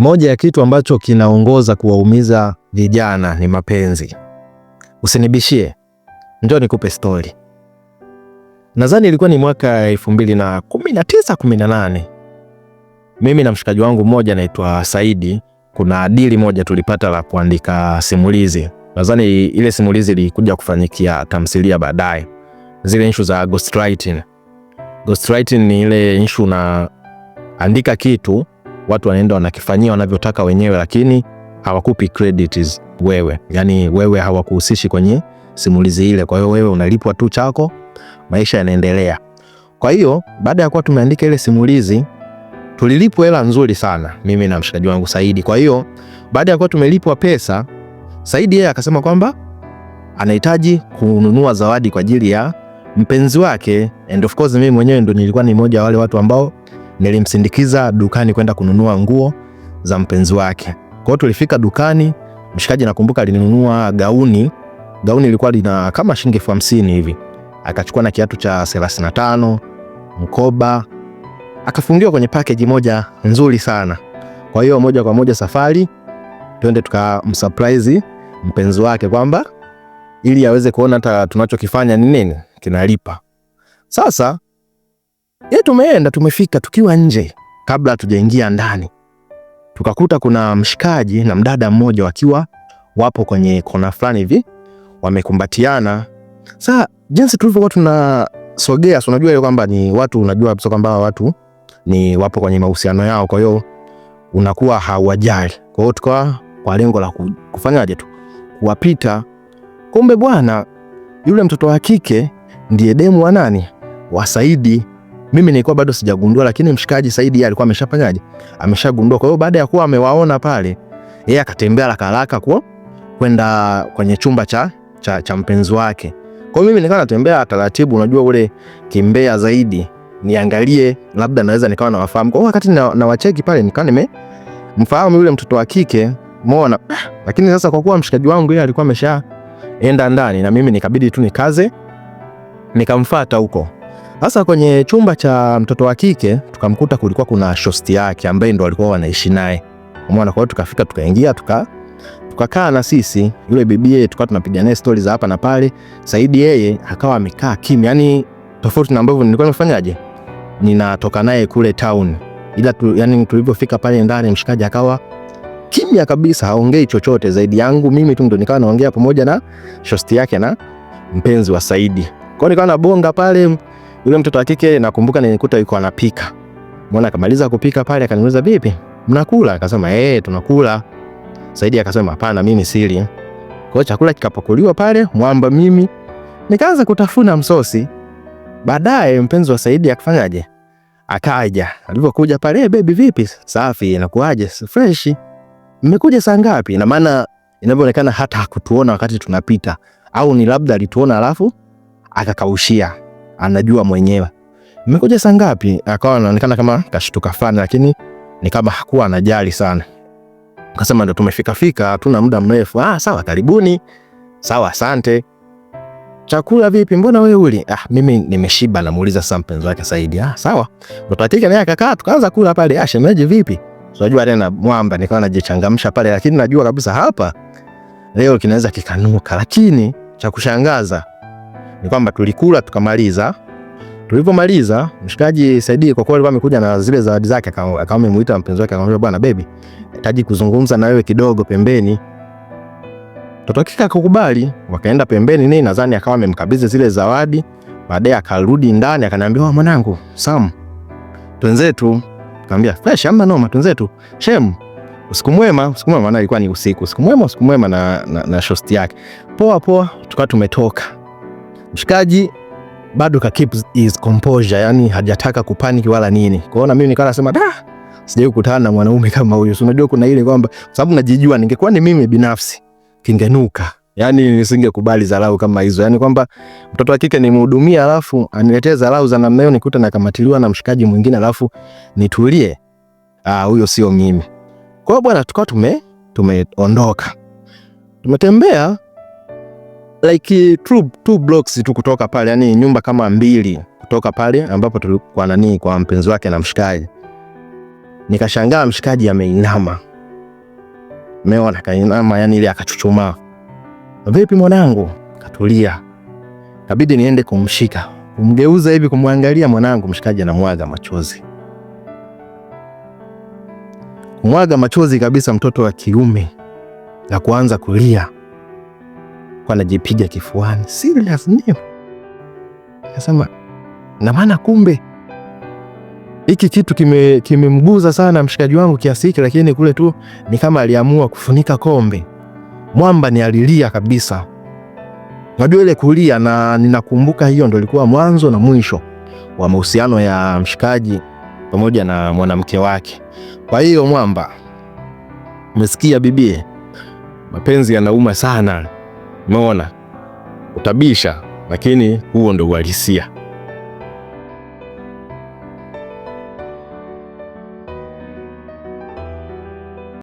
Moja ya kitu ambacho kinaongoza kuwaumiza vijana ni mapenzi. Usinibishie, njoo nikupe stori. Nadhani ilikuwa ni mwaka 2019 18, mimi na mshikaji wangu mmoja anaitwa Saidi, kuna adili moja tulipata la kuandika simulizi. Nadhani ile simulizi ilikuja kufanyikia tamthilia baadaye, zile issue za ghostwriting. Ghostwriting ni ile issue na andika kitu watu wanaenda wanakifanyia wanavyotaka wenyewe, lakini hawakupi credits wewe, yani wewe hawakuhusishi kwenye simulizi ile. Kwa hiyo wewe unalipwa tu chako, maisha yanaendelea. Kwa hiyo baada ya kuwa tumeandika ile simulizi tulilipwa hela nzuri sana, mimi na mshikaji wangu Saidi. Kwa hiyo baada ya kuwa tumelipwa pesa, Saidi yeye akasema kwamba anahitaji kununua zawadi kwa ajili ya mpenzi wake, and of course mimi mwenyewe ndo nilikuwa ni mmoja wa wale watu ambao Nilimsindikiza dukani kwenda kununua nguo za mpenzi wake. Kwa hiyo tulifika dukani, mshikaji nakumbuka alinunua gauni, gauni ilikuwa lina kama shilingi elfu hamsini hivi, akachukua na kiatu cha 35, mkoba, akafungiwa kwenye package moja nzuri sana. Kwa hiyo moja kwa moja safari twende tukamsurprise mpenzi wake kwamba ili aweze kuona hata tunachokifanya ni nini kinalipa. Sasa ye, tumeenda tumefika, tukiwa nje kabla hatujaingia ndani, tukakuta kuna mshikaji na mdada mmoja wakiwa wapo kwenye kona fulani hivi wamekumbatiana. Sasa jinsi tulivyokuwa tunasogea, so unajua kwamba ni watu, unajua so kwamba watu ni wapo kwenye mahusiano yao, kwa hiyo unakuwa hauwajali. Kwa hiyo tukawa kwa lengo la kufanyaje tu kuwapita. Kumbe bwana yule mtoto wa kike ndiye demu wa nani, wa Saidi. Mimi nilikuwa bado sijagundua, lakini mshikaji Saidi alikuwa ameshafanyaje, ameshagundua. Kwa hiyo baada ya kuwa amewaona pale, yeye akatembea haraka haraka kwa kwenda kwenye chumba cha, cha, cha mpenzi wake. Kwa mimi nikawa natembea taratibu, unajua ule kimbea zaidi, niangalie labda naweza nikawa nawafahamu. Kwa wakati na, na wacheki pale nikawa nimemfahamu yule mtoto wa kike muona, ah, lakini sasa kwa kuwa mshikaji wangu yeye alikuwa ameshaenda ndani, na mimi nikabidi tu nikaze nikamfuata huko sasa kwenye chumba cha mtoto wa kike tukamkuta kulikuwa kuna shosti yake ambaye ndo alikuwa wanaishi naye. Umeona, kwa hiyo tukafika tukaingia tuka tukakaa na sisi yule bibi yeye, tukawa tunapiga naye stori za hapa na pale. Saidi yeye akawa amekaa kimya, yani tofauti na ambavyo nilikuwa nimefanyaje, ninatoka naye kule town, ila tu, yani tulipofika pale ndani mshikaji akawa kimya kabisa, haongei chochote zaidi yangu mimi tu ndo nikawa naongea pamoja na shosti yake na mpenzi wa Saidi. Kwa hiyo nikawa nabonga pale yule mtoto wa kike nakumbuka nilikuta yuko anapika. Mbona akamaliza kupika pale akaniuliza bibi, mnakula? Akasema eh, tunakula. Saidi akasema hapana, mimi sili. Kwa chakula kikapakuliwa pale, mwamba mimi nikaanza kutafuna msosi. Baadaye mpenzi wa Saidi akafanyaje? Akaja. Alipokuja pale, hey, eh, baby vipi? Safi, inakuaje? Fresh. Mmekuja saa ngapi? Na maana inavyoonekana hata hakutuona wakati tunapita, au ni labda alituona alafu akakaushia anajua mwenyewe. Mmekuja saa ngapi? Akawa anaonekana kama kashtuka fulani, lakini ni kama hakuwa anajali sana. Akasema ndo tumefika fika, hatuna muda mrefu. Ah, sawa, karibuni. Sawa, asante. Chakula vipi? Mbona wewe uli? Ah, mimi nimeshiba, namuuliza sasa mpenzi wake Saidi. Ah, sawa. Ndo naye akakaa, tukaanza kula pale. Ah, shemeji vipi? Unajua tena mwamba nikawa najichangamsha pale, lakini najua kabisa hapa leo kinaweza kikanuka, lakini cha kushangaza ni kwamba tulikula tukamaliza. Tulipomaliza mshikaji Saidi kwa kweli alikuwa amekuja na zile zawadi zake, akawa mpenzi wake akamwambia, bwana baby, nahitaji kuzungumza na wewe kidogo pembeni. Mtoto kika kukubali, wakaenda pembeni nini, nadhani akawa amemkabidhi zile zawadi. Baadaye akarudi ndani akaniambia, oh, mwanangu Sam, twenzetu. Nikamwambia fresh ama noma, twenzetu. Shem, usiku mwema, usiku mwema, maana ilikuwa ni usiku. Usiku mwema, usiku mwema na na, na shosti yake. Poa poa, tukawa tumetoka Mshikaji bado ka keep his composure, yani hajataka kupanic wala nini. Kwaona mimi nikawa nasema da, sijawahi kukutana na mwanaume kama huyo. So unajua kuna ile kwamba sababu najijua, ningekuwa ni mimi binafsi kingenuka yani nisingekubali dharau kama hizo, yani kwamba mtoto wa kike nimhudumia, alafu aniletee dharau za namna hiyo, nikuta nakamatiliwa na mshikaji mwingine, alafu nitulie. Ah, huyo sio mimi. Kwa hiyo bwana, tukawa tume tumeondoka, tumetembea like two, two blocks tu kutoka pale, yani nyumba kama mbili kutoka pale ambapo tulikuwa nani kwa mpenzi wake na mshikaji. Nikashangaa mshikaji ameinama, meona kainama yani ile akachuchumaa. Vipi mwanangu? Katulia, kabidi niende kumshika kumgeuza hivi kumwangalia mwanangu, mshikaji anamwaga machozi, kumwaga machozi kabisa, mtoto wa kiume na kuanza kulia alikuwa anajipiga kifuani serious name. Nasema na maana kumbe hiki kitu kimemguza kime sana mshikaji wangu kiasi hiki, lakini kule tu ni kama aliamua kufunika kombe. Mwamba ni alilia kabisa, najua ile kulia, na ninakumbuka hiyo ndo ilikuwa mwanzo na mwisho wa mahusiano ya mshikaji pamoja na mwanamke wake. Kwa hiyo Mwamba, umesikia bibie, mapenzi yanauma sana. Umeona utabisha, lakini huo ndio uhalisia.